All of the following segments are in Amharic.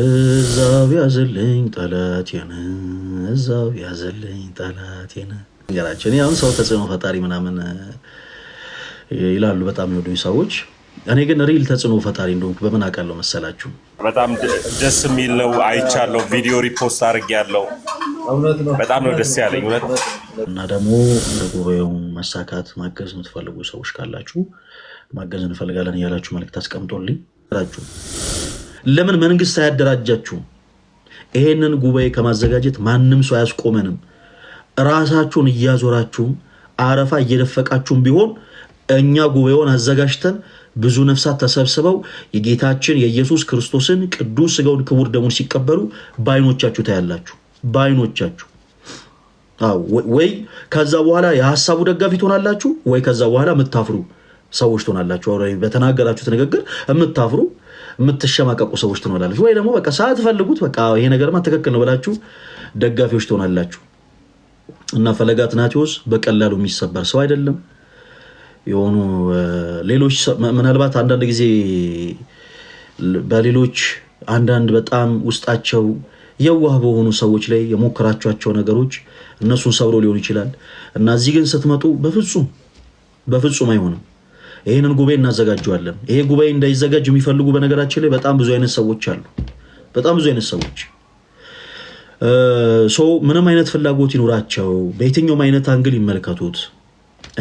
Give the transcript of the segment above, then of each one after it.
እዛው ያዘለኝ ጠላቴን እዛው ያዘለኝ ጠላቴን ነገራችን ያሁን ሰው ተጽዕኖ ፈጣሪ ምናምን ይላሉ በጣም የሚወዱኝ ሰዎች። እኔ ግን ሪል ተጽዕኖ ፈጣሪ እንደሆንኩ በምን አውቃለሁ መሰላችሁ? በጣም ደስ የሚል ነው። አይቻለሁ፣ ቪዲዮ ሪፖስት አድርጌያለሁ። በጣም ነው ደስ ያለኝ እውነት። እና ደግሞ እንደ ጉባኤው መሳካት ማገዝ የምትፈልጉ ሰዎች ካላችሁ ማገዝ እንፈልጋለን እያላችሁ መልዕክት አስቀምጦልኝ ራችሁ ለምን መንግስት አያደራጃችሁም? ይሄንን ጉባኤ ከማዘጋጀት ማንም ሰው አያስቆመንም። ራሳችሁን እያዞራችሁም አረፋ እየደፈቃችሁም ቢሆን እኛ ጉባኤውን አዘጋጅተን ብዙ ነፍሳት ተሰብስበው የጌታችን የኢየሱስ ክርስቶስን ቅዱስ ስጋውን ክቡር ደሙን ሲቀበሉ በአይኖቻችሁ ታያላችሁ። በአይኖቻችሁ ወይ ከዛ በኋላ የሀሳቡ ደጋፊ ትሆናላችሁ፣ ወይ ከዛ በኋላ የምታፍሩ ሰዎች ትሆናላችሁ። በተናገራችሁት ንግግር የምታፍሩ የምትሸማቀቁ ሰዎች ትሆናለች። ወይ ደግሞ በቃ ሳትፈልጉት በቃ ይሄ ነገርማ ትክክል ነው ብላችሁ ደጋፊዎች ትሆናላችሁ። እና ፈለገ አትናቴዎስ በቀላሉ የሚሰበር ሰው አይደለም። የሆኑ ሌሎች ምናልባት አንዳንድ ጊዜ በሌሎች አንዳንድ በጣም ውስጣቸው የዋህ በሆኑ ሰዎች ላይ የሞከራችኋቸው ነገሮች እነሱን ሰብሮ ሊሆን ይችላል እና እዚህ ግን ስትመጡ በፍጹም በፍጹም አይሆንም። ይህንን ጉባኤ እናዘጋጀዋለን። ይሄ ጉባኤ እንዳይዘጋጅ የሚፈልጉ በነገራችን ላይ በጣም ብዙ አይነት ሰዎች አሉ። በጣም ብዙ አይነት ሰዎች ሰው ምንም አይነት ፍላጎት ይኖራቸው በየትኛውም አይነት አንግል ይመልከቱት፣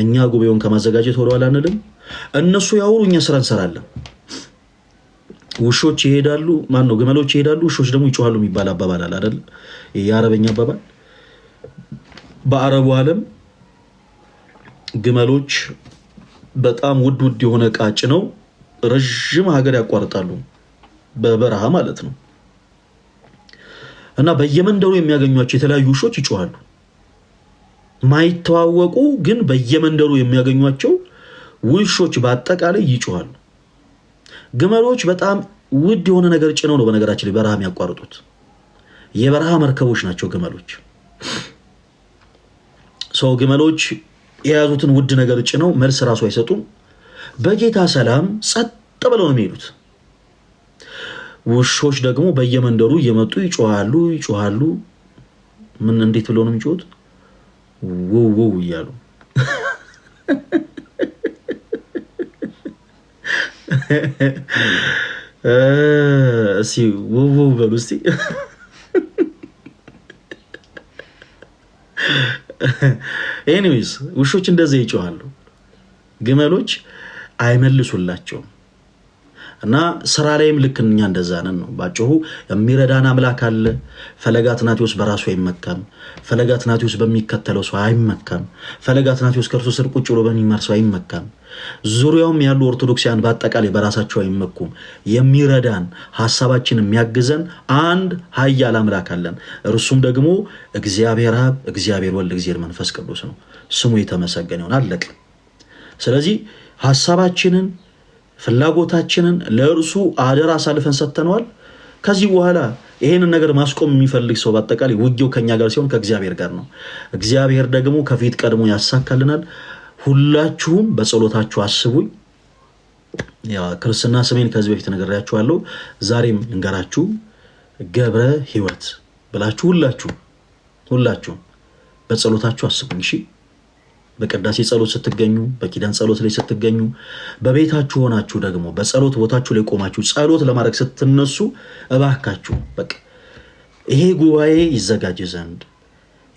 እኛ ጉባኤውን ከማዘጋጀት ወደኋላ አንልም። እነሱ ያውሩ፣ እኛ ስራ እንሰራለን። ውሾች ይሄዳሉ፣ ማን ነው ግመሎች ይሄዳሉ፣ ውሾች ደግሞ ይጮሃሉ የሚባል አባባል አለ አይደል? የአረበኛ አባባል። በአረቡ ዓለም ግመሎች በጣም ውድ ውድ የሆነ እቃ ጭነው ረዥም ሀገር ያቋርጣሉ፣ በበረሃ ማለት ነው። እና በየመንደሩ የሚያገኟቸው የተለያዩ ውሾች ይጮኋሉ። ማይተዋወቁ ግን በየመንደሩ የሚያገኟቸው ውሾች በአጠቃላይ ይጮኋሉ። ግመሎች በጣም ውድ የሆነ ነገር ጭነው ነው በነገራችን ላይ በረሃ የሚያቋርጡት። የበረሃ መርከቦች ናቸው ግመሎች ሰው ግመሎች የያዙትን ውድ ነገር ጭነው መልስ ራሱ አይሰጡም። በጌታ ሰላም ጸጥ ብለው ነው የሚሄዱት። ውሾች ደግሞ በየመንደሩ እየመጡ ይጮሃሉ ይጮሃሉ። ምን እንዴት ብለው ነው የሚጮሁት? ውውው እያሉ እስኪ ውው በሉ እስኪ ኤኒዌይስ ውሾች እንደዚህ ይጮኻሉ፣ ግመሎች አይመልሱላቸውም። እና ስራ ላይም ልክ እኛ እንደዛ ነን ነው ባጭሩ። የሚረዳን አምላክ አለ። ፈለገ አትናቴዎስ በራሱ አይመካም። ፈለገ አትናቴዎስ በሚከተለው ሰው አይመካም። ፈለገ አትናቴዎስ ከእርሱ ስር ቁጭ ብሎ በሚመር ሰው አይመካም። ዙሪያውም ያሉ ኦርቶዶክሲያን በአጠቃላይ በራሳቸው አይመኩም። የሚረዳን ሀሳባችን የሚያግዘን አንድ ኃያል አምላክ አለን። እርሱም ደግሞ እግዚአብሔር አብ፣ እግዚአብሔር ወልድ፣ እግዚአብሔር መንፈስ ቅዱስ ነው። ስሙ የተመሰገነ ይሆን። አለቅ ስለዚህ ሀሳባችንን ፍላጎታችንን ለእርሱ አደራ አሳልፈን ሰጥተነዋል። ከዚህ በኋላ ይህንን ነገር ማስቆም የሚፈልግ ሰው በአጠቃላይ ውጊያው ከኛ ጋር ሲሆን ከእግዚአብሔር ጋር ነው። እግዚአብሔር ደግሞ ከፊት ቀድሞ ያሳካልናል። ሁላችሁም በጸሎታችሁ አስቡኝ። ክርስትና ስሜን ከዚህ በፊት ነግሬያችኋለሁ፣ ዛሬም እንገራችሁ። ገብረ ሕይወት ብላችሁ ሁላችሁ ሁላችሁም በጸሎታችሁ አስቡኝ እሺ። በቅዳሴ ጸሎት ስትገኙ፣ በኪዳን ጸሎት ላይ ስትገኙ፣ በቤታችሁ ሆናችሁ ደግሞ በጸሎት ቦታችሁ ላይ ቆማችሁ ጸሎት ለማድረግ ስትነሱ እባካችሁ በቃ ይሄ ጉባኤ ይዘጋጅ ዘንድ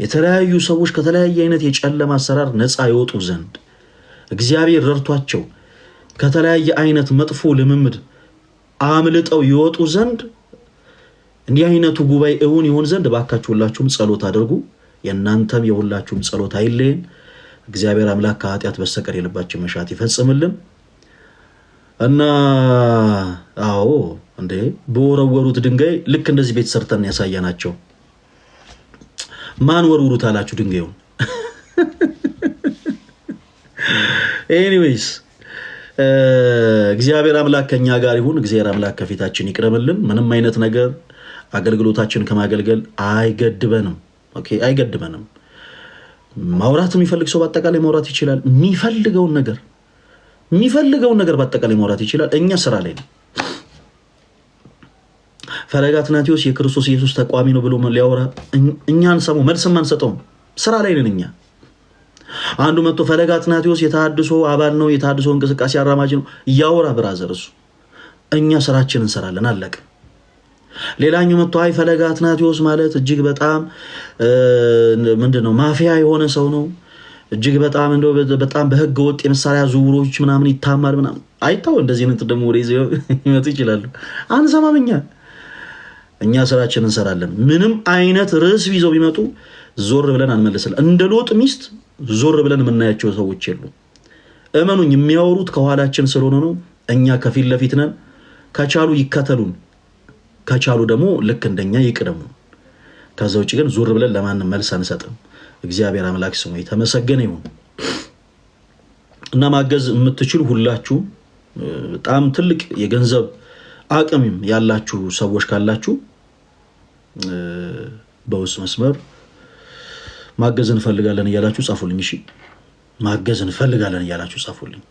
የተለያዩ ሰዎች ከተለያየ አይነት የጨለማ አሰራር ነፃ ይወጡ ዘንድ እግዚአብሔር ረድቷቸው ከተለያየ አይነት መጥፎ ልምምድ አምልጠው ይወጡ ዘንድ እንዲህ አይነቱ ጉባኤ እውን ይሆን ዘንድ እባካችሁ ሁላችሁም ጸሎት አድርጉ። የእናንተም የሁላችሁም ጸሎት አይለየን። እግዚአብሔር አምላክ ከኃጢአት በስተቀር የልባችን መሻት ይፈጽምልን እና አዎ እንዴ በወረወሩት ድንጋይ ልክ እንደዚህ ቤት ሰርተን ናቸው። ማን ወርውሩት አላችሁ ድንጋዩን? ኤኒዌይስ እግዚአብሔር አምላክ ከኛ ጋር ይሁን። እግዚአብሔር አምላክ ከፊታችን ይቅረብልን። ምንም አይነት ነገር አገልግሎታችን ከማገልገል አይገድበንም፣ አይገድበንም። ማውራት የሚፈልግ ሰው በአጠቃላይ ማውራት ይችላል። የሚፈልገውን ነገር የሚፈልገውን ነገር በአጠቃላይ ማውራት ይችላል። እኛ ስራ ላይ ነው። ፈለገ አትናቴዎስ የክርስቶስ ኢየሱስ ተቋሚ ነው ብሎ ሊያወራ እኛ አንሰማው፣ መልስ አንሰጠውም። ስራ ላይ ነን እኛ። አንዱ መጥቶ ፈለገ አትናቴዎስ የተሃድሶ አባል ነው፣ የተሃድሶ እንቅስቃሴ አራማጅ ነው፣ እያወራ ብራዘር። እሱ እኛ ስራችን እንሰራለን፣ አለቅም ሌላኛው መጥቶ አይ ፈለገ አትናቴዎስ ማለት እጅግ በጣም ምንድን ነው ማፊያ የሆነ ሰው ነው። እጅግ በጣም እንደ በጣም በህገ ወጥ የመሳሪያ ዝውውሮች ምናምን ይታማል ምናምን አይታው እንደዚህ አይነት ደግሞ ወደ ይመጡ ይችላሉ። አንሰማም። እኛ እኛ ስራችን እንሰራለን። ምንም አይነት ርዕስ ይዘው ቢመጡ ዞር ብለን አንመልስለን። እንደ ሎጥ ሚስት ዞር ብለን የምናያቸው ሰዎች የሉ። እመኑኝ፣ የሚያወሩት ከኋላችን ስለሆነ ነው። እኛ ከፊት ለፊት ነን። ከቻሉ ይከተሉን። ከቻሉ ደግሞ ልክ እንደኛ ይቅደሙ። ከዛ ውጭ ግን ዙር ብለን ለማንም መልስ አንሰጥም። እግዚአብሔር አምላክ ስሙ የተመሰገነ ይሁን እና ማገዝ የምትችሉ ሁላችሁ በጣም ትልቅ የገንዘብ አቅም ያላችሁ ሰዎች ካላችሁ በውስጥ መስመር ማገዝ እንፈልጋለን እያላችሁ ጻፉልኝ። እሺ ማገዝ እንፈልጋለን እያላችሁ ጻፉልኝ።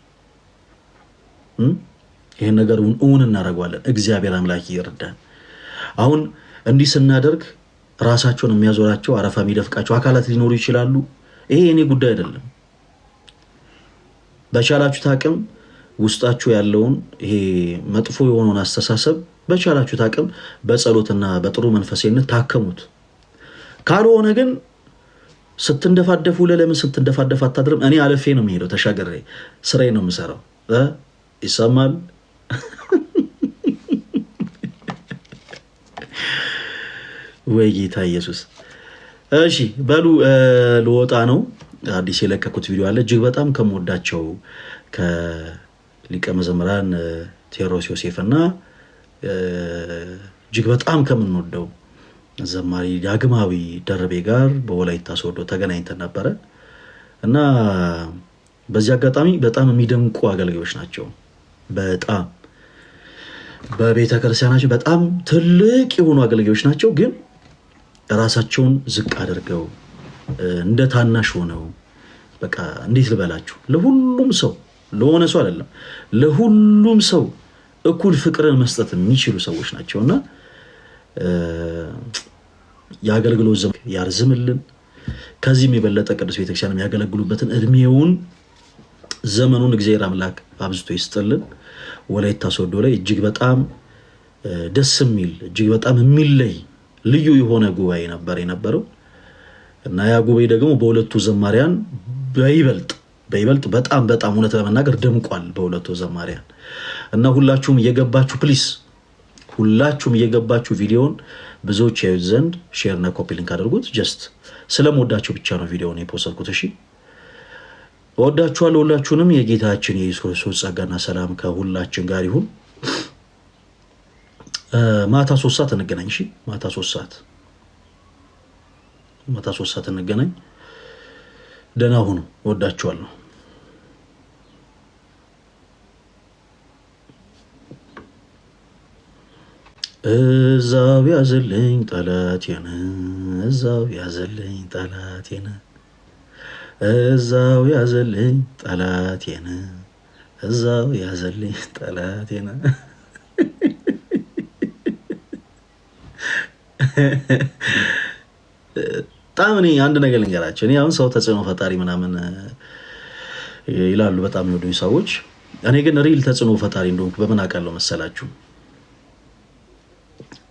ይህን ነገር እውን እናደርገዋለን። እግዚአብሔር አምላክ ይርዳን። አሁን እንዲህ ስናደርግ ራሳቸውን የሚያዞራቸው አረፋ የሚደፍቃቸው አካላት ሊኖሩ ይችላሉ። ይሄ የኔ ጉዳይ አይደለም። በቻላችሁት አቅም ውስጣችሁ ያለውን ይሄ መጥፎ የሆነውን አስተሳሰብ በቻላችሁት አቅም በጸሎትና በጥሩ መንፈሴነት ታከሙት። ካልሆነ ግን ስትንደፋደፉ ለለምን ስትንደፋደፍ አታድርም። እኔ አለፌ ነው የሚሄደው፣ ተሻገሬ ስራዬ ነው የምሰራው። ይሰማል ወይ ጌታ ኢየሱስ። እሺ በሉ ልወጣ ነው። አዲስ የለቀኩት ቪዲዮ አለ። እጅግ በጣም ከምወዳቸው ከሊቀ መዘምራን ቴዎድሮስ ዮሴፍ እና እጅግ በጣም ከምንወደው ዘማሪ ዳግማዊ ደርቤ ጋር በወላይታ ሶዶ ተገናኝተን ነበረ እና በዚህ አጋጣሚ በጣም የሚደንቁ አገልጋዮች ናቸው። በጣም በቤተ ክርስቲያናቸው በጣም ትልቅ የሆኑ አገልጋዮች ናቸው ግን ራሳቸውን ዝቅ አድርገው እንደ ታናሽ ሆነው በቃ እንዴት ልበላችሁ፣ ለሁሉም ሰው ለሆነ ሰው አይደለም ለሁሉም ሰው እኩል ፍቅርን መስጠት የሚችሉ ሰዎች ናቸውእና የአገልግሎት ዘመን ያርዝምልን። ከዚህም የበለጠ ቅዱስ ቤተክርስቲያን የሚያገለግሉበትን እድሜውን ዘመኑን እግዚአብሔር አምላክ አብዝቶ ይስጥልን። ወላይታ ሶዶ ላይ እጅግ በጣም ደስ የሚል እጅግ በጣም የሚለይ ልዩ የሆነ ጉባኤ ነበር የነበረው እና ያ ጉባኤ ደግሞ በሁለቱ ዘማሪያን በይበልጥ በይበልጥ በጣም በጣም እውነት ለመናገር ደምቋል በሁለቱ ዘማሪያን እና ሁላችሁም እየገባችሁ ፕሊስ ሁላችሁም እየገባችሁ ቪዲዮን ብዙዎች ያዩት ዘንድ ሼርና ኮፒ ሊንክ አድርጉት። ጀስት ስለምወዳቸው ብቻ ነው ቪዲዮን የፖሰልኩት። እሺ እወዳችኋለሁ ሁላችሁንም። የጌታችን የኢየሱስ ክርስቶስ ጸጋና ሰላም ከሁላችን ጋር ይሁን። ማታ ሶስት ሰዓት እንገናኝ። እሺ፣ ማታ ሶስት ሰዓት ማታ ሶስት ሰዓት እንገናኝ። ደህና ሁኑ። እወዳችኋለሁ። እዛው ያዘልኝ ጠላቴን፣ እዛው ያዘልኝ ጠላቴን፣ እዛው ያዘልኝ ጠላቴን፣ እዛው ያዘልኝ ጠላቴን በጣም እኔ አንድ ነገር ልንገራቸው። እኔ አሁን ሰው ተጽዕኖ ፈጣሪ ምናምን ይላሉ በጣም የሚወዱኝ ሰዎች። እኔ ግን ሪል ተጽዕኖ ፈጣሪ እንደሆንኩ በምን አውቃለሁ መሰላችሁ?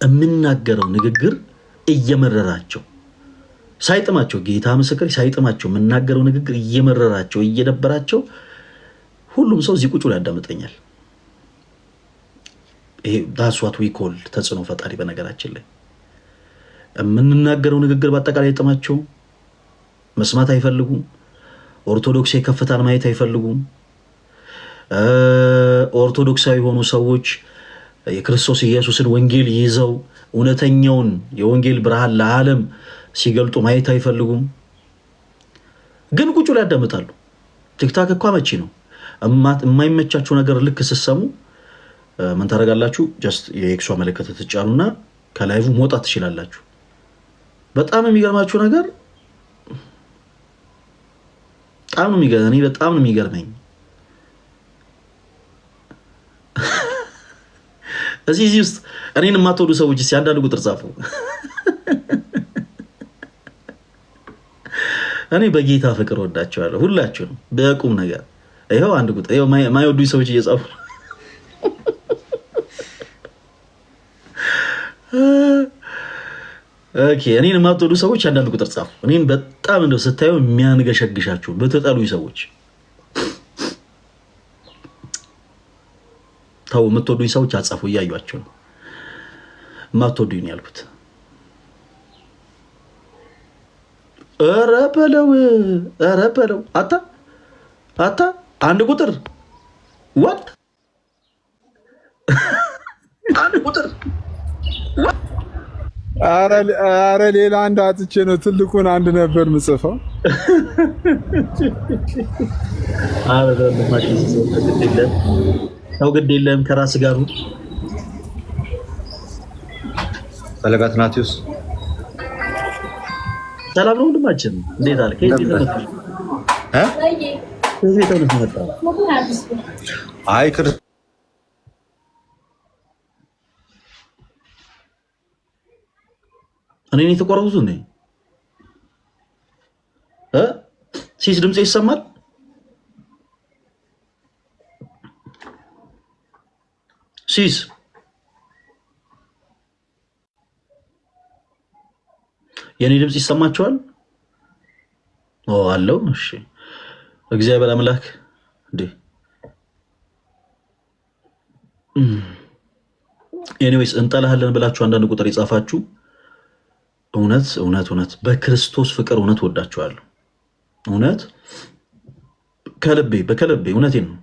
የምናገረው ንግግር እየመረራቸው ሳይጥማቸው፣ ጌታ ምስክር ሳይጥማቸው የምናገረው ንግግር እየመረራቸው እየደበራቸው፣ ሁሉም ሰው እዚህ ቁጭ ብሎ ያዳምጠኛል። ይሄ ዳስዋት ዊኮል ተጽዕኖ ፈጣሪ በነገራችን ላይ የምንናገረው ንግግር በአጠቃላይ አይጥማቸውም። መስማት አይፈልጉም። ኦርቶዶክስ የከፍታን ማየት አይፈልጉም። ኦርቶዶክሳዊ የሆኑ ሰዎች የክርስቶስ ኢየሱስን ወንጌል ይዘው እውነተኛውን የወንጌል ብርሃን ለዓለም ሲገልጡ ማየት አይፈልጉም። ግን ቁጭ ላይ ያዳምጣሉ። ቲክታክ እኳ አመቺ ነው። የማይመቻችሁ ነገር ልክ ስትሰሙ ምን ታደርጋላችሁ? ጀስት የኤክሷ መለከት ትጫኑና ከላይቭ መውጣት ትችላላችሁ። በጣም የሚገርማችሁ ነገር በጣም ነው የሚገርመኝ። እኔ በጣም ነው የሚገርመኝ። እዚህ እዚህ ውስጥ እኔን የማትወዱ ሰዎች እስኪ አንዳንድ ቁጥር ጻፉ። እኔ በጌታ ፍቅር ወዳቸዋለሁ ሁላችሁ ነው በቁም ነገር። ይኸው አንድ ቁጥር ይኸው ማይወዱ ሰዎች እየጻፉ ነው። እኔን የማትወዱ ሰዎች አንዳንድ ቁጥር ጻፉ። እኔን በጣም እንደው ስታየው የሚያንገሸግሻችሁ በተጠሉኝ ሰዎች ተው። የምትወዱኝ ሰዎች አጻፉ፣ እያዩቸው ነው። የማትወዱኝ ነው ያልኩት። ኧረ በለው፣ ኧረ በለው። አታ አታ አንድ ቁጥር ወጥ አረ ሌላ አንድ አጥቼ ነው። ትልቁን አንድ ነበር ምጽፈው። አረ ነው ግድ የለም ከራስ ጋር ፈለጋት ናቲዮስ ሰላም ነው ወንድማችን፣ እንዴት አለ? ከዚህ ተነስተህ መጣ? አይ እኔን የተቆረቡት እንዴ? ሲስ ድምፅ ይሰማል? ሲስ የእኔ ድምፅ ይሰማቸዋል? አለው። እሺ፣ እግዚአብሔር አምላክ እንዴ ኤኒዌይስ እንጠላሃለን ብላችሁ አንዳንድ ቁጥር የጻፋችሁ እውነት እውነት እውነት በክርስቶስ ፍቅር እውነት ወዳችኋለሁ። እውነት ከልቤ በከልቤ እውነቴን ነው።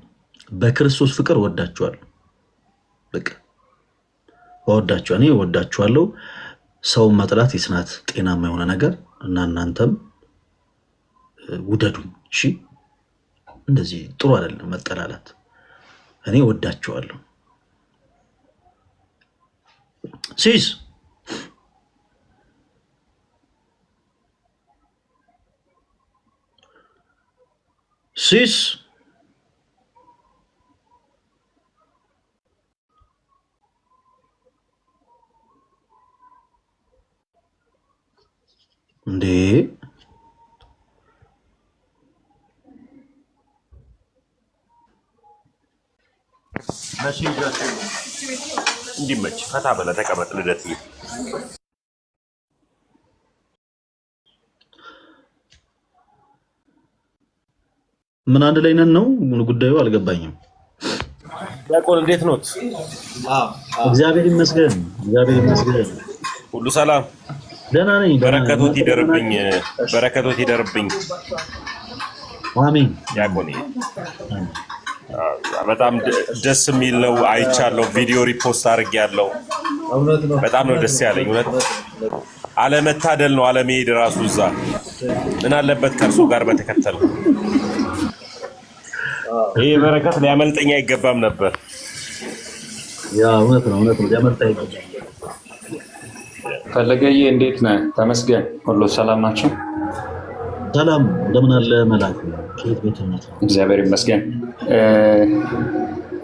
በክርስቶስ ፍቅር ወዳችኋለሁ። በቃ ወዳችኋ እኔ ወዳችኋለሁ። ሰውን መጥላት የስናት ጤናማ የሆነ ነገር እና እናንተም ውደዱ። እሺ እንደዚህ ጥሩ አይደለም መጠላላት። እኔ ወዳችኋለሁ ሲዝ sis D Masih jatuh Dimaj, kata apa lah, tak apa, terlihat ምን አንድ ላይ ነን ነው ጉዳዩ? አልገባኝም። ዲያቆን እንዴት ኖት? እግዚአብሔር ይመስገን፣ እግዚአብሔር ይመስገን። ሁሉ ሰላም፣ ደህና ነኝ። በረከቶት ይደርብኝ፣ በረከቶት ይደርብኝ። አሜን። ዲያቆን በጣም ደስ የሚል ነው። አይቻለሁ፣ ቪዲዮ ሪፖስት አድርጌያለሁ። በጣም ነው ደስ ያለኝ። እውነት አለመታደል ነው አለመሄድ ራሱ እዛ። ምን አለበት ከእርሶ ጋር በተከተለው ይሄ በረከት ሊያመልጠኝ አይገባም ነበር። ያ እውነት ነው፣ እውነት ነው። ሊያመልጠኝ አይገባም። ፈለገዬ እንዴት ነህ? ተመስገን። ሁሉ ሰላም ናቸው። ሰላም እንደምን አለ መላክ እግዚአብሔር ይመስገን።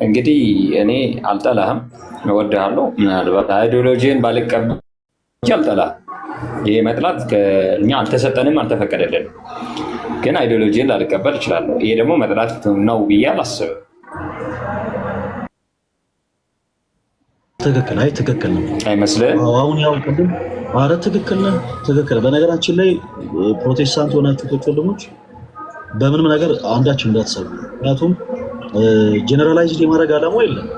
እንግዲህ እኔ አልጠላህም፣ እወድሃለሁ። ምናልባት አይዲዮሎጂን ባልቀበል አልጠላህም። ይሄ መጥላት ከእኛ አልተሰጠንም፣ አልተፈቀደልንም ግን አይዲዮሎጂን ላልቀበል እችላለሁ። ይሄ ደግሞ መጥላት ነው ብዬ አላስብም። ትክክል አይ ትክክል ነው አይመስልህም? አሁን ያው ቅድም ትክክል ነህ፣ ትክክል በነገራችን ላይ ፕሮቴስታንት የሆናችሁ ወንድሞች በምንም ነገር አንዳችን እንዳትሰሩ። ምክንያቱም ጀነራላይዝድ የማድረግ አላማ የለም።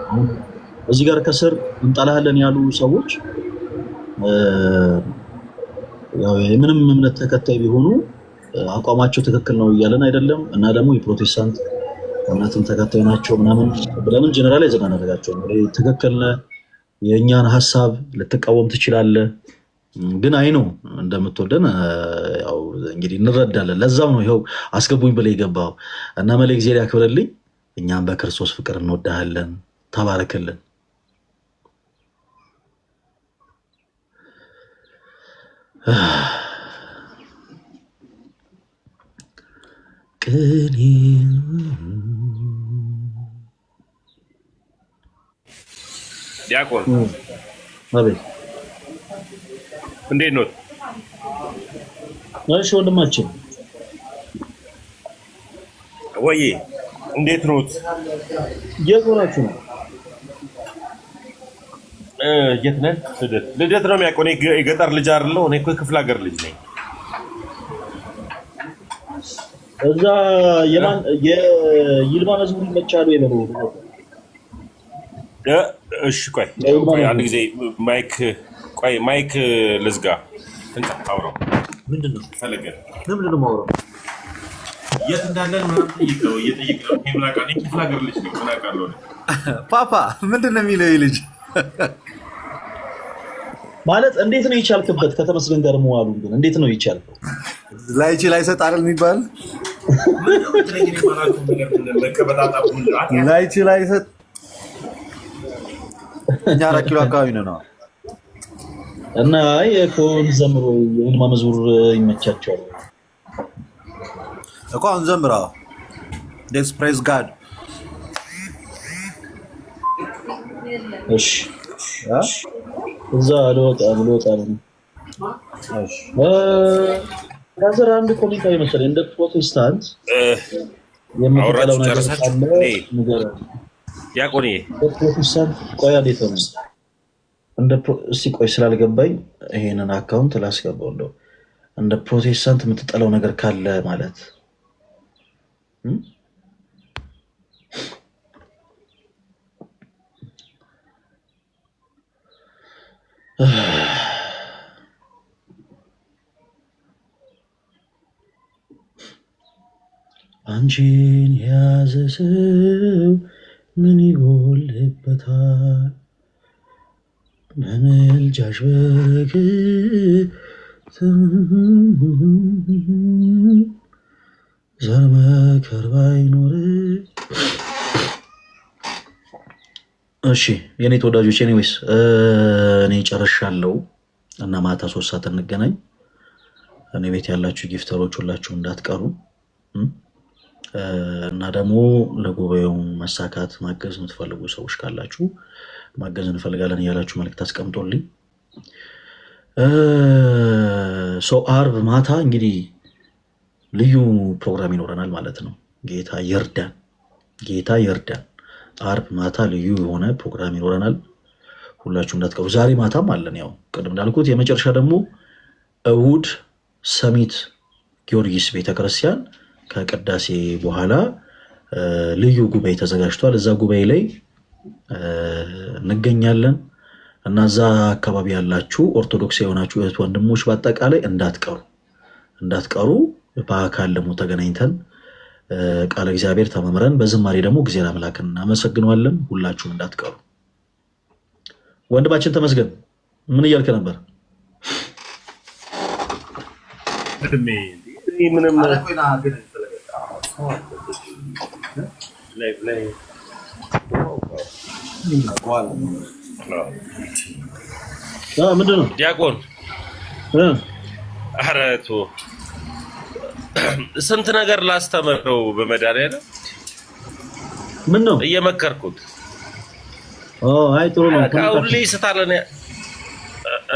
እዚህ ጋር ከስር እንጠላሃለን ያሉ ሰዎች ምንም እምነት ተከታይ ቢሆኑ አቋማቸው ትክክል ነው እያለን አይደለም። እና ደግሞ የፕሮቴስታንት እምነትን ተከታይ ናቸው ምናምን ብለንም ጀነራላይዝ እናደርጋቸው ትክክል የእኛን ሀሳብ ልትቃወም ትችላለህ፣ ግን አይ ነው እንደምትወደን እንግዲህ እንረዳለን። ለዛም ነው ይኸው አስገቡኝ ብለህ የገባው እና መለ ጊዜ ያክብርልኝ። እኛም በክርስቶስ ፍቅር እንወዳሃለን። ተባረክልን። ዲያቆን እንዴት ነው? እሺ ወንድማችን ወይ እንዴት ኖት? የት ሆናችሁ ነው? የት ነን? ልደት ነው የሚያውቀው። እኔ የገጠር ልጅ አይደለሁ። እኔ እኮ የክፍለ ሀገር ልጅ ነኝ። እዛ የማን የይልማን ህዝቡ ይመቻሉ የበሩ እሺ፣ ቆይ አንድ ጊዜ ማይክ ቆይ ማይክ ልዝጋ። እንታ አውራው ምንድን ነው ፈለገ ምንድን ነው አውራው የት እንዳለን ምናምን ጠይቀው እየጠየቅነው ክፍለ ሀገር ልጅ ነው ምን አውቃለሁ። ፓፓ ምንድን ነው የሚለው ልጅ ማለት እንዴት ነው የቻልክበት? ከተመስገን ጋር መዋሉ ግን እንዴት ነው የቻልከው? ላይቺ ላይሰጥ አይደል የሚባል ላይቺ ላይ ሰጥ እኛ አራት ኪሎ አካባቢ ነው ነው እና አሁን ዘምሮ የልማ መዝሙር ይመቻቸዋል እኮ አሁን ዘምራ ሌትስ ፕሬዝ ጋድ። እሺ እዛ ልወጣ ብሎ ወጣ ነው ያዘር አንድ ኮሜንት መሰለኝ እንደ ፕሮቴስታንት የምትጠላው ነገር ካለ ንገረን። ያቆኔ ፕሮቴስታንት ቆይ አዴት ነው እንደ እስቲ ቆይ ስላልገባኝ ይሄንን አካውንት ላስገባው እንደው እንደ ፕሮቴስታንት የምትጠላው ነገር ካለ ማለት እ አንቺን የያዘ ሰው ምን ይጎልበታል? በምልጃሽ በረከት ዘር መከር ባይኖር። እሺ የኔ ተወዳጆች፣ ኒዌይስ እኔ ጨርሻለሁ እና ማታ ሶስት ሰዓት እንገናኝ። እኔ ቤት ያላችሁ ጊፍተሮች ሁላችሁ እንዳትቀሩ። እና ደግሞ ለጉባኤው መሳካት ማገዝ የምትፈልጉ ሰዎች ካላችሁ ማገዝ እንፈልጋለን እያላችሁ መልዕክት አስቀምጦልኝ ሰው አርብ ማታ እንግዲህ ልዩ ፕሮግራም ይኖረናል ማለት ነው። ጌታ ይርዳን፣ ጌታ ይርዳን። አርብ ማታ ልዩ የሆነ ፕሮግራም ይኖረናል። ሁላችሁ እንዳትቀሩ። ዛሬ ማታም አለን። ያው ቅድም እንዳልኩት የመጨረሻ ደግሞ እውድ ሰሚት ጊዮርጊስ ቤተክርስቲያን ከቅዳሴ በኋላ ልዩ ጉባኤ ተዘጋጅቷል። እዛ ጉባኤ ላይ እንገኛለን እና እዛ አካባቢ ያላችሁ ኦርቶዶክስ የሆናችሁ እህት ወንድሞች በአጠቃላይ እንዳትቀሩ እንዳትቀሩ በአካል ደግሞ ተገናኝተን ቃለ እግዚአብሔር ተመምረን በዝማሬ ደግሞ ጊዜ አምላክ እናመሰግነዋለን። ሁላችሁም እንዳትቀሩ። ወንድማችን ተመስገን ምን እያልክ ነበር? ምንም ምንድን ነው ዲያቆን? ኧረ ስንት ነገር ላስተምረው በመድኃኒዓለም ምን ነው እየመከርኩት። አይ ጥሩ ነው። ሁሌ ይስታል።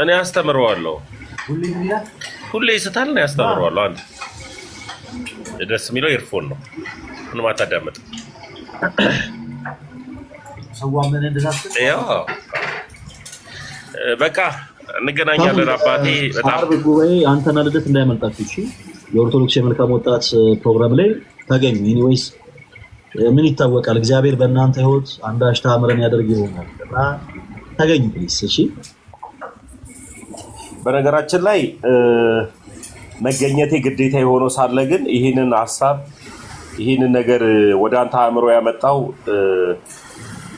እኔ አስተምረዋለሁ። ሁሌ ይስታል። እኔ አስተምረዋለሁ። አንተ ደስ የሚለው ኤርፎን ነው። ምንም አታዳምጥ። በቃ እንገናኛለን። አባቴ በጣም ጉባኤ አንተና ልደት እንዳያመልጣችሁ። እቺ የኦርቶዶክስ የመልካም ወጣት ፕሮግራም ላይ ተገኙ። ኤኒዌይስ ምን ይታወቃል፣ እግዚአብሔር በእናንተ ህይወት አንዳች ተአምረን ያደርግ ይሆናል እና ተገኙ ፕሊስ። እሺ በነገራችን ላይ መገኘቴ ግዴታ የሆነው ሳለ ግን ይህንን ሀሳብ ይህንን ነገር ወደ አንተ አእምሮ ያመጣው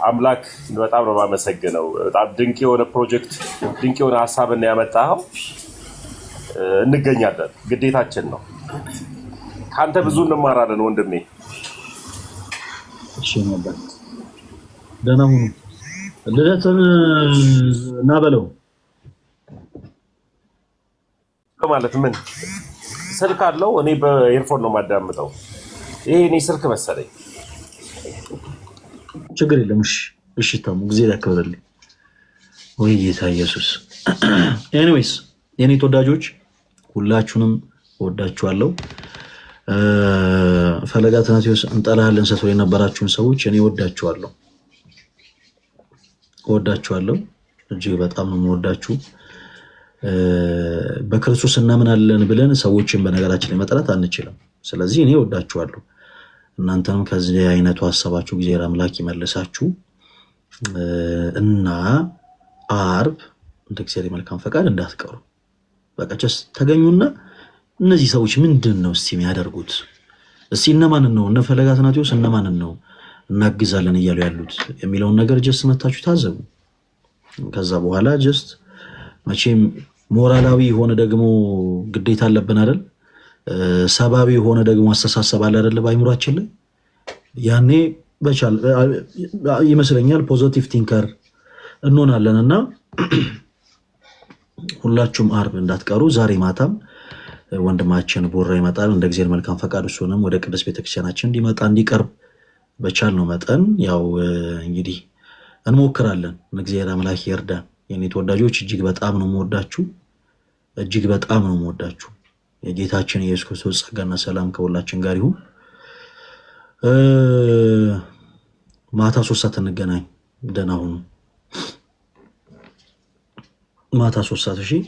አምላክ በጣም ነው የማመሰግነው። በጣም ድንቅ የሆነ ፕሮጀክት፣ ድንቅ የሆነ ሀሳብን ያመጣኸው። እንገኛለን፣ ግዴታችን ነው። ከአንተ ብዙ እንማራለን ወንድሜ። ደህና ሁኑ ልደትን እናበለው ማለት ምን ስልክ አለው? እኔ በኤርፎን ነው የማዳምጠው። ይሄ እኔ ስልክ መሰለኝ። ችግር የለም። እሺ፣ እሺ። ታሙ ጊዜ ያከብርልኝ። ወይ ጌታ ኢየሱስ። ኤኒዌይስ የኔ ተወዳጆች ሁላችሁንም እወዳችኋለሁ። ፈለጋ ትናቴዎስ እንጠላሃለን ሰቶ የነበራችሁን ሰዎች እኔ ወዳችኋለሁ፣ ወዳችኋለሁ እጅግ በጣም ነው የምወዳችሁ። በክርስቶስ እናምናለን ብለን ሰዎችን በነገራችን ላይ መጥራት አንችልም። ስለዚህ እኔ ወዳችኋለሁ። እናንተም ከዚህ አይነቱ ሀሳባችሁ ጊዜ አምላክ ይመልሳችሁ እና አርብ እንደ እግዚአብሔር መልካም ፈቃድ እንዳትቀሩ። በቀቸስ ተገኙና እነዚህ ሰዎች ምንድን ነው እስቲ የሚያደርጉት? እስቲ እነማንን ነው እነ ፈለገ አትናቴዎስ እነማንን ነው እናግዛለን እያሉ ያሉት የሚለውን ነገር ጀስት መታችሁ ታዘቡ። ከዛ በኋላ ጀስት መቼም ሞራላዊ የሆነ ደግሞ ግዴታ አለብን አይደል? ሰባዊ የሆነ ደግሞ አስተሳሰብ አለ አይደለ? በአይምሯችን ላይ ያኔ በቻል ይመስለኛል ፖዘቲቭ ቲንከር እንሆናለን። እና ሁላችሁም አርብ እንዳትቀሩ፣ ዛሬ ማታም ወንድማችን ቦራ ይመጣል። እንደ ጊዜ መልካም ፈቃድ እሱንም ወደ ቅዱስ ቤተክርስቲያናችን እንዲመጣ እንዲቀርብ በቻል ነው መጠን ያው እንግዲህ እንሞክራለን። እግዚአብሔር አምላክ ይርዳን። የኔ ተወዳጆች እጅግ በጣም ነው የምወዳችሁ፣ እጅግ በጣም ነው የምወዳችሁ። የጌታችን የኢየሱስ ክርስቶስ ጸጋና ሰላም ከሁላችን ጋር ይሁን። ማታ ሶስት ሰዓት እንገናኝ። ደህና ሁኑ። ማታ ሶስት ሰዓት እሺ።